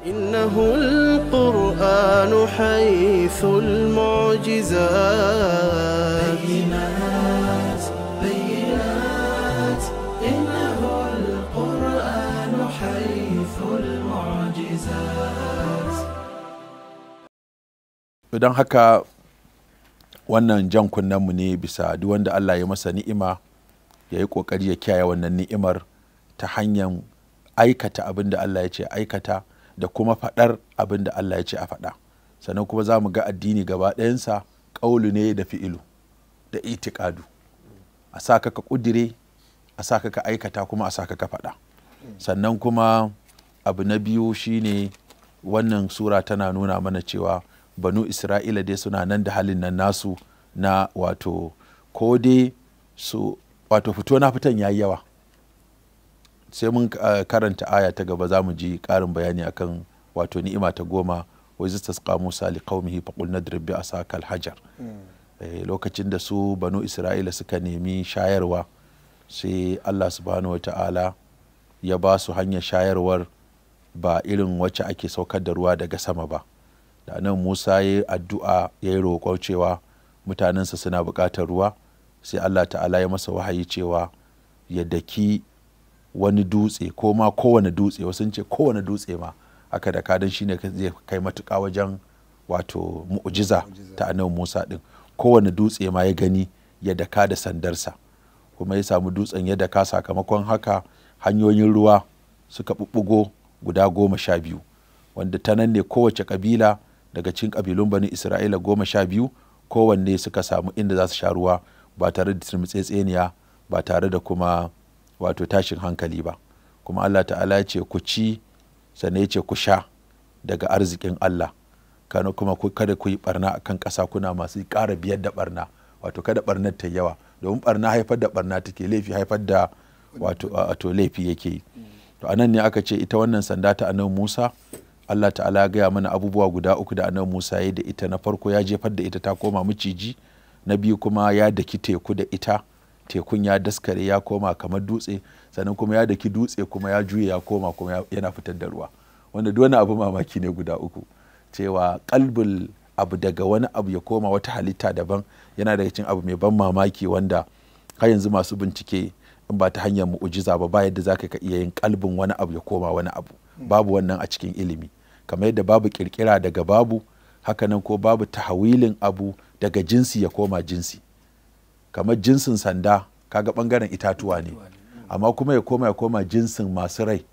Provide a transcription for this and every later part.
إنه القرآن حيث المعجزات بينات بينات إنه القرآن حيث المعجزات haka wannan jan kunnenmu ne bisa duk wanda Allah ya masa ni'ima ya yi ƙoƙari ya kiyaye wannan ni'imar ta hanyar aikata abin da Allah ya ce aikata da kuma faɗar abin da Allah ya ce a faɗa sannan kuma za mu ga addini gaba ɗayansa ƙaulu ne da fi'ilu da itikadu a sa ka ka ƙudire a sa ka aikata kuma a sa ka faɗa sannan kuma abu na biyu shine wannan sura tana nuna mana cewa banu isra'ila dai suna nan da halin nan nasu na wato ko dai su wato fito na fitan yayi yawa sai mun ah, karanta aya ta gaba za mu ji ƙarin bayani akan wato ni'ima ta goma wai iz tasƙa musa li qaumihi fa qulna drib hajar hmm. eh, lokacin da su banu isra'ila suka nemi shayarwa sai Allah subhanahu wata'ala ya ba su hanyar shayarwar ba irin wacce ake saukar da ruwa daga sama ba da nan musa ya yi addu'a ya yi roƙon cewa mutanensa suna buƙatar ruwa sai allah ta'ala ya masa wahayi cewa ya daki wani dutse ko ma kowane dutse wasu ce kowane dutse ma aka da kadan shine zai kai matuka wajen wato mu'ujiza ta annabi Musa din kowane dutse ma ya gani ya daka da sandarsa kuma ya samu dutsen ya daka sakamakon haka hanyoyin ruwa suka bubugo guda goma sha biyu wanda ta nan ne kowace kabila daga cikin kabilun bani isra'ila goma sha biyu kowanne suka samu inda za su sha ruwa ba tare da tseniya ba tare da kuma wato tashin hankali ba kuma Allah ta'ala ya ce ku ci sannan ya ce ku sha daga arzikin Allah kano kuma kada ku yi barna akan ƙasa kuna masu ƙara biyar da barna wato kada barnar ta yawa domin barna haifar da barna take laifi haifar da wato laifi yake yi to anan ne aka ce ita wannan sanda ta annabi Musa Allah ta'ala gaya mana abubuwa guda uku da annabi Musa ya da ita na farko ya jefar da ita ta koma miciji na biyu kuma ya daki teku da ita tekun ya daskare ya koma kamar dutse sannan kuma ya daki dutse kuma ya juya ya koma kuma yana fitar da ruwa wanda duk wani abu mamaki ne guda uku cewa kalbul abu daga wani abu ya koma wata halitta daban yana daga cikin abu mai ban mamaki wanda har yanzu masu bincike in ba ta hanyar mu'ujiza ba ba yadda zaka iya yin kalbin wani abu ya koma wani abu babu wannan a cikin ilimi kamar yadda babu kirkira daga babu hakanan ko babu tahawilin abu daga jinsi ya koma jinsi kamar jinsin sanda kaga bangaren itatuwa ne mm. amma kuma ya koma ya koma jinsin masu rai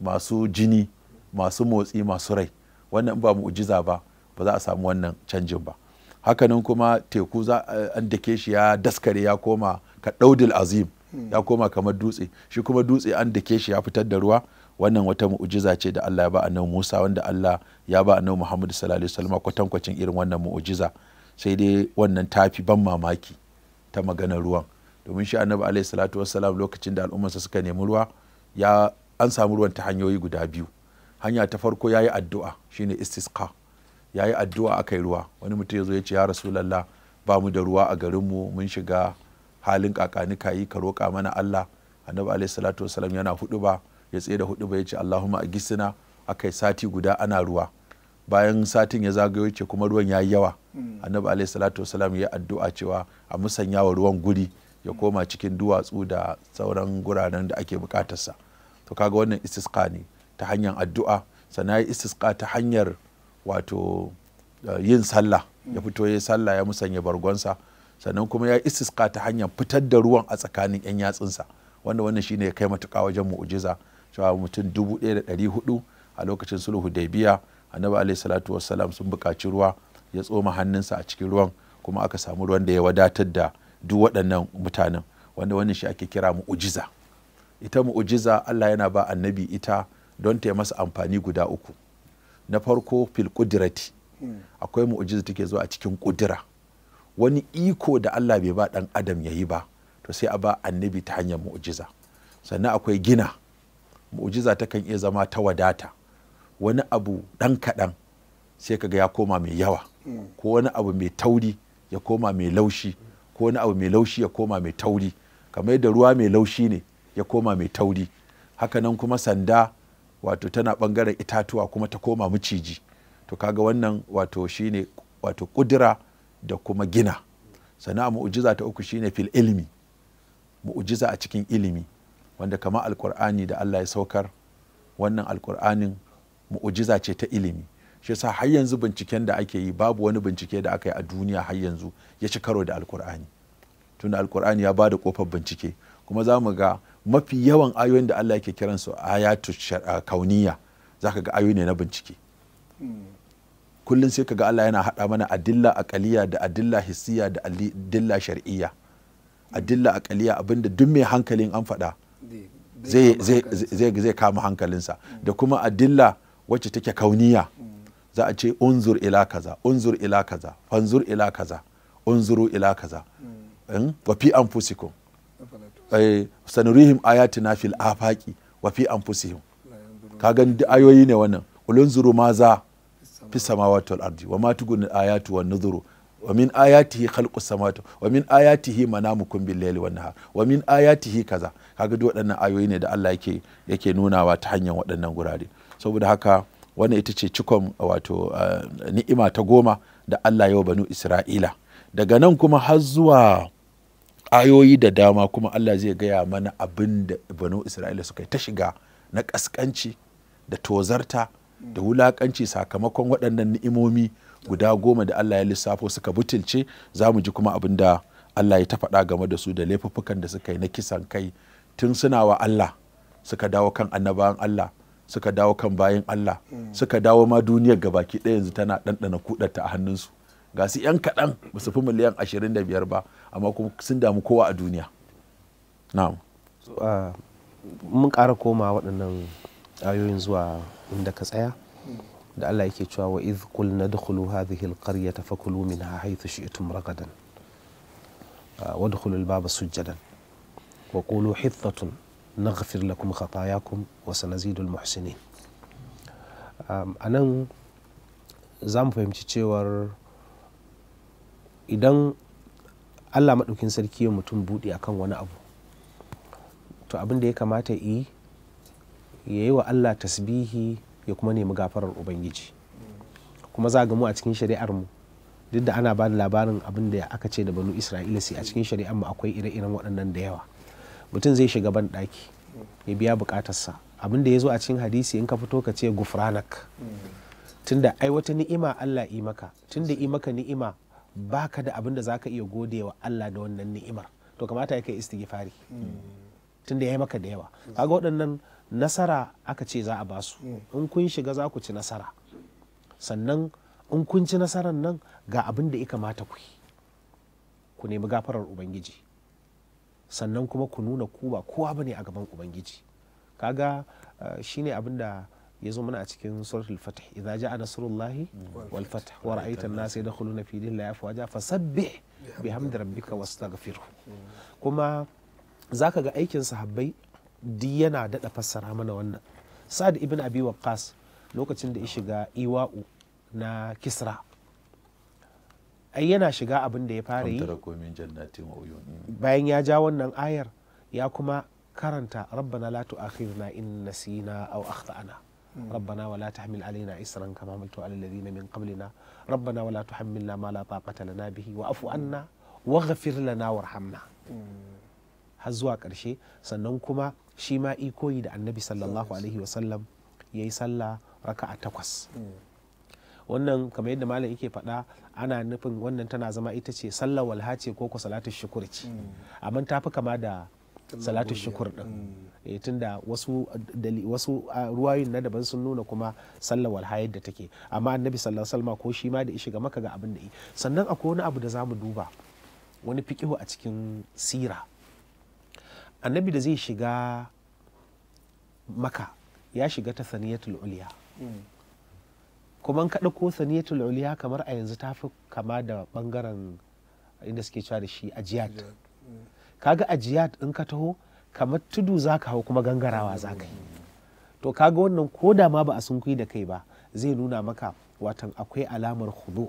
masu jini masu motsi masu rai wannan ba mu'ujiza ba ba za a samu wannan canjin ba hakanan kuma teku za eh, an dake shi ya daskare ya koma ka daudil azim mm. ya koma kamar dutse shi kuma dutse an dake shi ya fitar da ruwa wannan wata mu'ujiza ce da Allah ya ba annabi Musa wanda Allah ya ba annabi Muhammadu sallallahu alaihi wasallam kwatankwacin irin wannan mu'ujiza. sai dai wannan tafi ban mamaki ta maganar ruwan domin shi annabi alayhi salatu wassalam lokacin da al'ummarsa suka nemi ruwa ya an samu ruwan ta hanyoyi guda biyu hanya ta farko yayi addu'a shine istisqa yayi addu'a akai ruwa wani mutum yazo ya ce ya rasulullah ba mu da ruwa a garin mu mun shiga halin kakani kayi ka roka mana Allah annabi alayhi salatu wassalam yana huɗuba ya tsaye da huduba ba ya ce Allahumma agisina akai sati guda ana ruwa bayan satin ya zagayo ce kuma ruwan ya yi yawa hmm. annabi alaihi salatu wasalam ya addu'a cewa a musanya wa ruwan guri ya hmm. koma cikin duwatsu da sauran guraren da ake bukatarsa to kaga wannan istisqa ne ta hanyar addu'a sannan ya istisqa ta hanyar wato eh, yin sallah ya hmm. fito ya sallah ya musanya bargonsa sannan kuma ya istisqa ta hanyar fitar da ruwan a tsakanin yan yatsunsa wanda wannan shine ya kai matuƙa wajen mu'ujiza cewa mutum dubu ɗaya da ɗari hudu a lokacin sulhu biya. annabi alayhi salatu sun buƙaci ruwa ya tsoma hannunsa a cikin ruwan kuma aka samu ruwan da ya wadatar da duk waɗannan mutanen wanda wannan shi ake kira mu'ujiza ita mu'ujiza Allah yana ba annabi ita don ta masa amfani guda uku na farko fil kudirati akwai mu'ujiza take zuwa a cikin kudura wani iko da Allah bai ba dan adam yayi ba to sai a ba annabi ta hanyar mu'ujiza sannan akwai gina mu'ujiza takan iya zama ta wadata wani abu ɗan kaɗan sai kaga ya koma mai yawa ko wani abu mai tauri ya koma mai laushi ko wani abu mai laushi ya koma mai tauri kamar yadda ruwa mai laushi ne ya koma mai tauri Haka nan kuma sanda wato tana ɓangaren itatuwa kuma ta koma maciji. to kaga wannan wato shine wato kudura da kuma gina sana'a mu'ujiza ta uku shine fil ilimi. mu'ujiza a cikin ilimi wanda kamar alkur'ani da Allah ya saukar wannan alkur'anin mu'ujiza ce ta ilimi shi yasa har yanzu binciken da ake yi babu wani bincike da aka yi a duniya har yanzu ya ci karo da alkur'ani tun alkur'ani ya bada kofar bincike kuma za mu ga mafi yawan ayoyin da Allah yake kiran su ayatu kauniya za ka ga ayoyi ne na bincike kullum sai ka ga Allah yana hada mana adilla aqaliya da adilla hissiya da adilla shar'iyya adilla aqaliya abinda duk mai hankalin an faɗa zai kama hankalinsa da kuma adilla wacce take kauniya za a ce unzur ila kaza unzur ila kaza fanzur ila kaza unzuru ila kaza mm. Mm? wa fi anfusikum eh, sanurihim ayatina fil afaqi wa fi anfusihim ka gani ayoyi ne wannan ulunzuru ma za fi samawati wal ardi wa ma tugun ayatu wan nuzuru wa min ayatihi khalqu samawati wa min ayatihi manamukum bil layli wan nahar wa min ayatihi kaza kaga duk waɗannan ayoyi ne da Allah yake yake nunawa ta hanyar waɗannan gurare saboda haka wannan ita ce cikon wato ni'ima ta goma da Allah yau banu Isra'ila daga nan kuma har zuwa ayoyi da dama kuma Allah zai gaya mana abin da banu Isra'ila suka yi ta shiga na ƙasƙanci da tozarta da wulakanci sakamakon waɗannan ni'imomi guda goma da Allah ya lissafo suka butulce za mu ji kuma abin da Allah ya ta faɗa game da su da laifuffukan da suka yi na kisan kai tun suna wa Allah suka dawo kan annabawan Allah suka dawo kan bayan Allah suka dawo ma duniyar gabaki ɗaya yanzu tana ɗanɗana kuɗarta a hannunsu ga su 'yan kaɗan ba su fi miliyan 25 ba amma kuma sun damu kowa a duniya na'am uh, mun ƙara koma waɗannan ayoyin zuwa inda ka tsaya da Allah yake cewa wa iz kul nadkhulu hadhihi alqaryata fakulu minha haythu shi'tum ragadan uh, wadkhulul baba sujjadan wa qulu hithatun naghfir lakum khatayakum wa sanazidul muhsinin a nan za mu fahimci cewar idan allah maɗaukin sarki ya mutum buɗe kan wani abu to abin da ya kamata yi ya yi wa allah tasbihi ya kuma nemi gafarar ubangiji kuma za mu a cikin shari'ar mu duk da ana ba da labarin abin da aka ce da banu isra'ila sai a cikin shari'ar mu akwai ire-iren waɗannan da yawa mutum zai shiga ban ɗaki ya biya bukatarsa abin da ya zo a cikin hadisi in ka fito ka ce gufranak tunda ai wata ni'ima Allah yi maka tunda yi maka ni'ima baka da abin da zaka iya gode wa Allah da wannan ni'imar to kamata ya kai istighfari tunda ya yi maka da yawa kaga waɗannan nasara aka ce za a basu in kun shiga za ku ci nasara sannan in kun ci nasarar nan ga abin da ya kamata ku ku nemi gafarar ubangiji sannan kuma ku nuna ku ba kowa bane a gaban ubangiji kaga eh, shine abin da ya zo mana a cikin suratul fatih idza jaa nasrullahi wal fatih wa ra'aita an-nas yadkhuluna fi dinillahi afwaja fasabbih bihamdi rabbika wastaghfirhu kuma zaka ga aikin sahabbai di yana dada fassara mana wannan sa'ad ibn abi waqqas lokacin da ya shiga iwa'u na kisra ai yana shiga abin da ya fara yi bayan ya ja wannan ayar ya kuma karanta rabbana la tu'akhirna in nasina aw akhtana ربنا ولا تحمل علينا إسرا كما حملت على الذين من قبلنا ربنا ولا تحملنا ما لا طاقة لنا به وأف عنا واغفر لنا وارحمنا هزوا كرشي سننكما شيما إيكويد النبي صلى الله عليه وسلم يسلى ركعة تقص wannan kamar yadda malam yake faɗa ana nufin wannan tana zama ita ce sallar walha ce ko ko salatu shukur ce mm. amma ta fi kama da salatu shukur din mm. eh, tunda wasu wasu ruwayoyin na daban sun nuna kuma sallar walha yadda take amma annabi sallallahu alaihi wasallam ko shi ma da ishi maka ga abin da yi sannan akwai wani abu da zamu duba wani fikihu a cikin sira annabi da zai shiga maka ya shiga ta saniyatul uliya mm. kuma ka ɗauko saniyatul uliya kamar a yanzu ta fi kama da ɓangaren inda suke cewa da shi ajiyat mm. kaga ajiyat in ka taho kamar tudu za ka hau kuma gangarawa za ka yi to kaga wannan ko da ma ba a sunkuyi da kai ba zai nuna maka watan akwai alamar hudu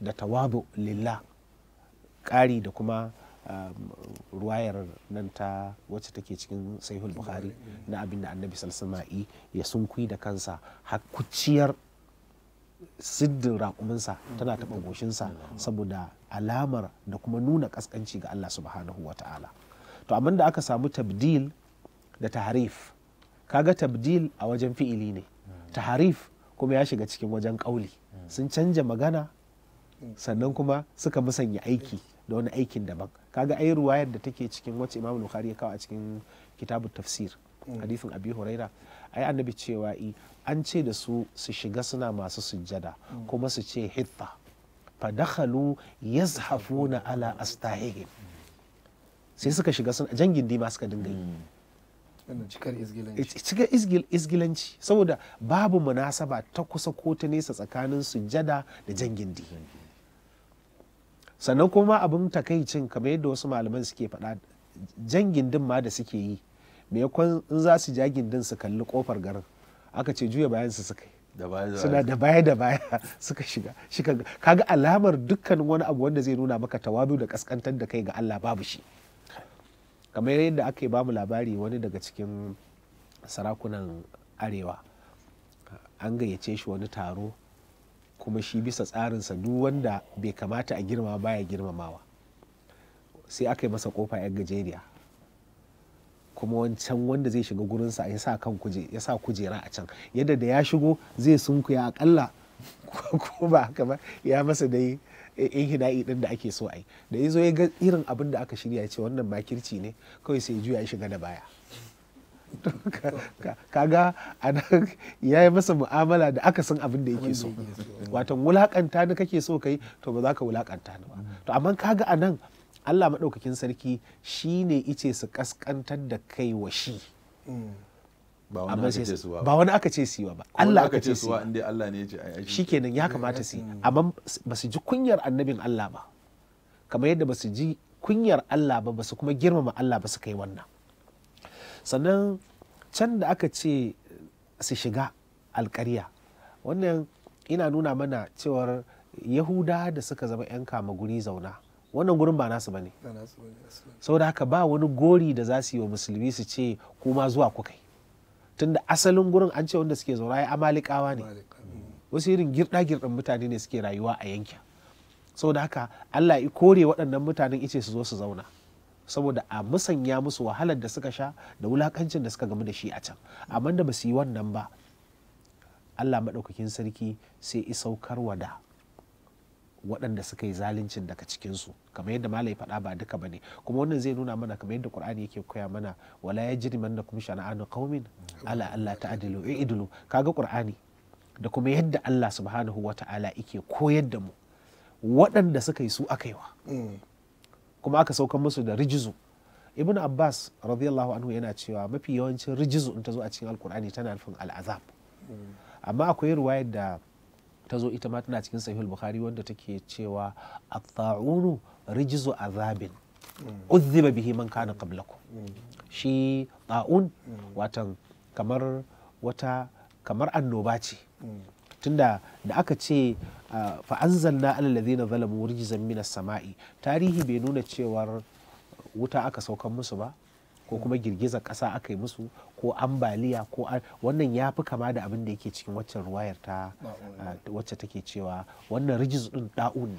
da tawadu lillah ƙari da kuma um, ruwayar nan ta wacce take cikin sahihul bukhari mm. na abin da annabi sallallahu ya sunkuyi da kansa har siddin raƙuminsa tana taɓa goshinsa saboda alamar da kuma nuna ƙasƙanci ga Allah subhanahu wa ta'ala to amma da aka samu tabdil da taharif kaga tabdil a wajen fi'ili ne taharif kuma ya shiga cikin wajen ƙauli sun canja magana sannan kuma suka musanya aiki da wani aikin daban kaga ai ruwayar da take cikin wacce imam bukhari ya kawo a cikin kitabu tafsir mm. hadisin abi huraira ai annabi cewa i an ce da su su shiga suna masu sujjada kuma su ce fa dakhalu yazhafuna ala astahihim sai suka shiga suna jangin dima suka dinga yi cikar izgilanci saboda babu munasaba ta kusa ko ta nesa tsakanin sujjada da jangin gindi sannan kuma abin takaicin kamar yadda wasu malaman suke faɗa jangin dima ma da suke yi me yakon in za su ja gindin su kalli kofar garin aka ce juya bayan su suka suna da baya da baya suka shiga shiga kaga alamar dukkan wani abu wanda zai nuna maka tawadu da kaskantar da kai ga Allah babu shi kamar yadda aka yi bamu labari wani daga cikin sarakunan arewa an gayyace shi wani taro kuma shi bisa tsarinsa duk wanda bai kamata a girma baya girmamawa sai aka yi masa kofa 'yan gajeriya kuma wancan wanda zai shiga gurinsa ya sa kan kuje ya sa kujera a can yadda da ya shigo zai sunkuya akalla ko ba haka ba ya masa dai in hida'i din da ake so ai da ya zo ya ga irin abin da aka shirya ce wannan makirci ne kawai sai juya ya shiga da baya kaga anan ya yi masa mu'amala da aka san abin da yake so watan wulakanta da kake so kai to ba za ka wulakanta ba to amma kaga anan Allah maɗaukakin sarki shi ne ice su ƙasƙantar da kai wa shi ba wani aka ce siwa ba Allah aka ce siwa inda Allah ne ya ce shi kenan ya kamata su mm. amma ba su ji kunyar annabin Allah ba kamar yadda ba su ji kunyar Allah ba ba su kuma girmama Allah ba su kai wannan sannan can da aka ce su shiga alkarya wannan ina nuna mana cewar yahuda da suka zama 'yan kama guri zauna wannan gurin ba nasu sau da haka ba wani gori da za su yi wa musulmi su ce kuma zuwa kukai tunda asalin gurin an ce wanda suke zaune ya amalikawa ne wasu irin girda girdan mutane ne suke rayuwa a yankin da haka Allah ya kore waɗannan mutanen ice su zo su zauna saboda a musanya musu wahalar da suka sha da wulakancin da suka gamu da shi a can amma da ba su yi wannan ba Allah maɗaukakin sarki sai wa da waɗanda suka yi zaluncin daga cikinsu kamar yadda malai faɗa ba duka bane kuma wannan zai nuna mana kamar yadda qur'ani yake koya mana wala yajri mannakum shana'anu qaumin ala alla ta'dilu eh, i'dilu kaga qur'ani da kuma yadda Allah subhanahu wata'ala yake koyar da mu waɗanda suka yi su aka yi wa mm. kuma aka saukan musu da rijizu ibn abbas radiyallahu anhu yana cewa mafi yawancin rijizu in ta zo a cikin alkur'ani tana nufin al'azab mm. amma akwai ruwayar da ta zo ita ma tana cikin sahihul bukhari wanda take cewa at-ta'unu rijzu azabin uzziba bihi man kana qablakum shi ta'un watan kamar wata kamar annoba ce tunda da aka ce ah, fa anzalna alal ladina zalamu rijzan minas sama'i tarihi bai nuna cewar wuta aka saukan musu ba ko kuma girgizar ƙasa aka yi musu ko ambaliya ko wannan ya fi kama da abin da yake cikin waccan ruwayar ta ah, wacce take cewa wannan rijis din da'un ne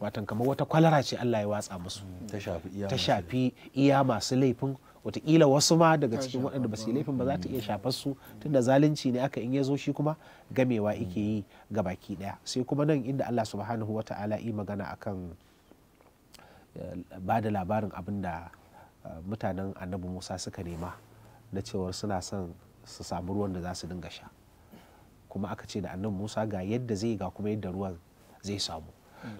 watan kamar wata kwalara ce Allah ya watsa musu mm. ta shafi iya masu laifin watakila wasu ma daga cikin waɗanda ba su laifin ba za ta iya mm. shafar su tunda zalunci ne aka in ya zo shi kuma gamewa yake yi mm. ga baki ɗaya sai kuma nan inda Allah subhanahu wata'ala yi magana akan eh, ba da labarin abin da Eh, mutanen annabi musa suka nema na cewar suna son su samu ruwan da za su dinga sha kuma aka ce da annabi musa ga yadda zai ga kuma yadda ruwan zai samu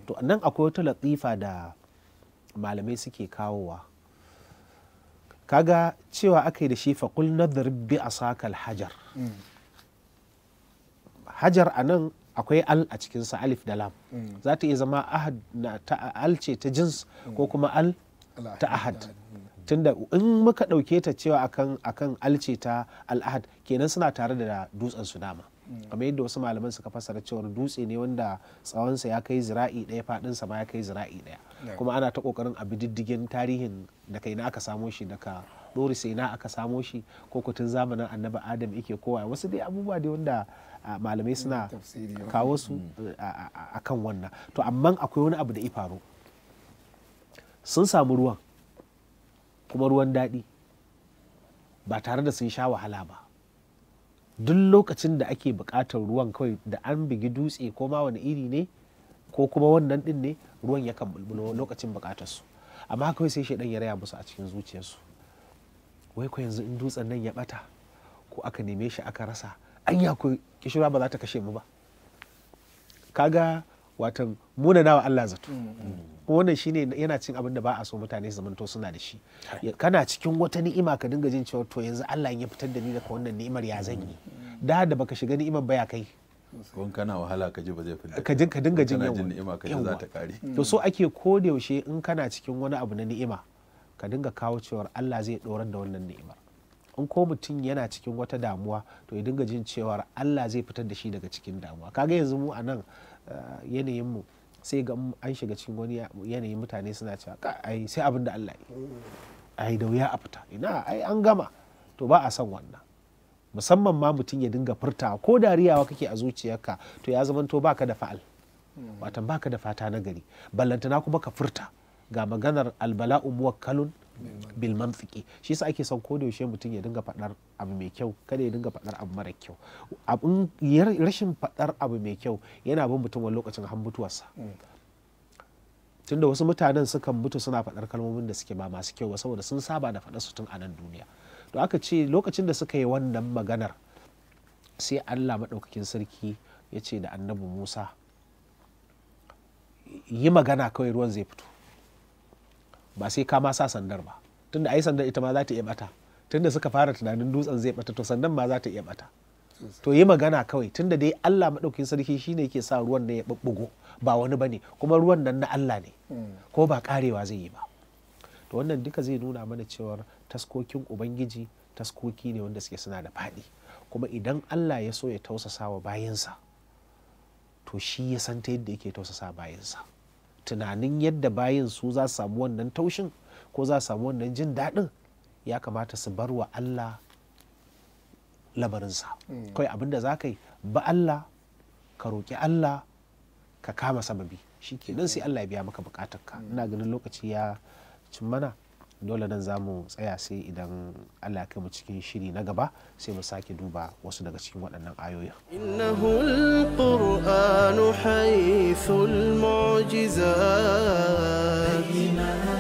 to nan akwai wata latifa da malamai suke kawowa kaga cewa aka yi da shi faƙul na bi a sakal hajar hajar a nan akwai al a cikinsa alif da lam mm. za ta iya zama al ce ta jins ko kuma al ta ahad tunda in muka ɗauke ta cewa akan akan alce ta al'ahad kenan suna tare da dutsen su dama mm. kamar yadda wasu malaman suka fassara cewa dutse ne wanda tsawonsa ya kai zira'i ɗaya faɗinsa ma ya kai zira'i ɗaya kuma ana ta ƙoƙarin abi diddigin tarihin da kai na aka samo shi daga ɗori sai na aka samo shi ko kutun zamanin annabi adam yake kowa wasu dai abubuwa dai wanda malamai suna mm, kawo su mm. eh, a kan wannan to amma akwai wani abu da faru sun samu ruwan kuma ruwan daɗi ba tare da sun sha wahala ba duk lokacin da ake buƙatar ruwan kawai da an bugi dutse ko ma wani iri ne ko kuma wannan ɗin ne ruwan yakan bulbulo lokacin buƙatarsu amma kawai sai shaidan ya raya musu a cikin zuciyarsu wai ko yanzu in dutsen nan ya ɓata ko aka neme shi aka rasa ya ko kishira ba za ta kashe mu ba kaga watan munanawa Allah zato mm. wannan shine yana cin abin da ba a so mutane su zamanto suna da shi kana cikin wata ni'ima ka dinga jin cewa to yanzu Allah ya fitar da ni daga wannan ni'imar ya zan yi mm. da da baka shiga ni'imar ba ya kai kun kana wahala ka ji ba zai fita ka jin ka dinga jin yawa ni'ima ka ji za ta kare to so ake ko da yaushe in kana cikin wani abu na ni'ima ka dinga kawo cewar Allah zai dorar da wannan ni'imar in ko mutum yana cikin wata damuwa to ya dinga jin cewar Allah zai fitar da shi daga cikin damuwa kaga yanzu mu a nan eh, yanayinmu sai ga an shiga cikin wani yanayi mutane suna cewa ai sai abin da Allah yi ai da wuya a fita ina ai an gama to ba a san wannan musamman ma mutum ya dinga furta ko dariyawa kake a zuciyarka to ya zama to baka da fa'al watan baka da fata na gari ballantana kuma ka furta ga maganar albala'u muwakkalun bil manfiki shi yasa ake son ko da yaushe mutum ya dinga faɗar abu mai kyau kada ya dinga faɗar abu mara kyau abun rashin faɗar abu mai kyau yana bin mutum wani lokacin har mutuwarsa mm. tunda wasu mutanen suka mutu suna faɗar kalmomin da suke ba masu kyau ba saboda sun saba da faɗar su tun a nan duniya to aka ce lokacin da suka yi wannan maganar sai Allah maɗaukakin sarki ya ce da annabi Musa yi magana kawai ruwan zai fito ba sai ka ma sa sandar ba tunda ai sandar ita ma za ta iya bata tunda suka fara tunanin dutsen zai bata to sandan ma za ta iya bata to yi magana kawai tunda dai Allah madaukakin sarki shine yake sa ruwan nan ya bubbugo ba wani bane kuma ruwan nan na Allah ne ko ba karewa zai yi ba to wannan duka zai nuna mana cewar taskokin ubangiji taskoki ne wanda suke suna da fadi. kuma idan Allah ya so ya tausasa wa bayinsa to shi ya santa ta yadda yake tausasa bayansa tunanin yadda bayin su za su samu wannan taushin ko za su samu wannan jin daɗin ya kamata su bar wa Allah lamarinsa hmm. kawai abin da za ka yi ba Allah ka roƙi Allah ka kama sababi shi kenan sai Allah ya biya maka ka hmm. ina ganin lokaci ya cin mana dole nan za mu tsaya sai idan allah kai mu cikin shiri na gaba sai mu sake duba wasu daga cikin waɗannan ayoyin innahu alqur'anu mu'jizat